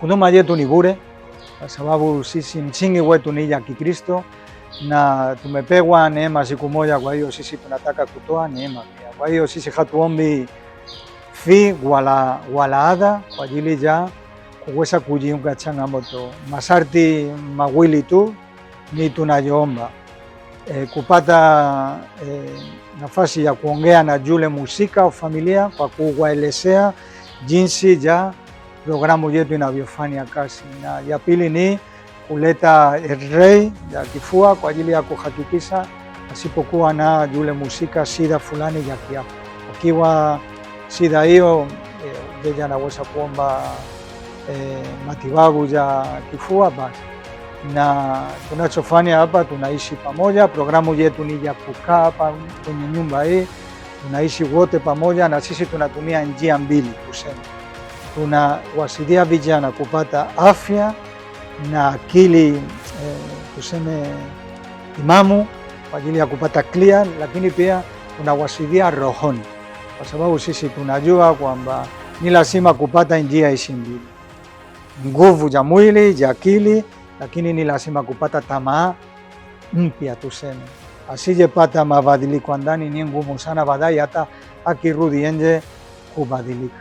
huduma yetu ni bure kwa sababu sisi msingi wetu ni ya Kikristo na tumepewa neema siku moja. Kwa hiyo sisi tunataka kutoa neema pia. Kwa hiyo sisi hatuombi fi wala, wala ada kwa ajili ya kuweza kujiunga changamoto. Masharti mawili tu ni tunayoomba e, eh, kupata e, eh, nafasi ya kuongea na yule mhusika wa familia kwa kuwaelezea jinsi ya programu yetu inavyofanya kazi, na ya pili ni kuleta x-ray ya kifua kwa ajili ya kuhakikisha asipokuwa na yule mhusika shida fulani ya kiafya. Ukiwa shida hiyo, yeye eh, anaweza kuomba eh, matibabu ya kifua basi. Na tunachofanya hapa, tunaishi pamoja. Programu yetu ni ya kukaa hapa kwenye nyumba hii, tunaishi wote pamoja, na sisi tunatumia njia mbili kusema tunawasaidia vijana kupata afya na akili eh, tuseme imamu kwa ajili ya kupata clear, lakini pia tunawasaidia rohoni, kwa sababu sisi tunajua kwamba ni lazima kupata njia hizi mbili, nguvu za mwili za akili, lakini ni lazima kupata tamaa mpya tuseme asijepata mabadiliko ndani ni ngumu sana, baadaye hata akirudi nje kubadilika.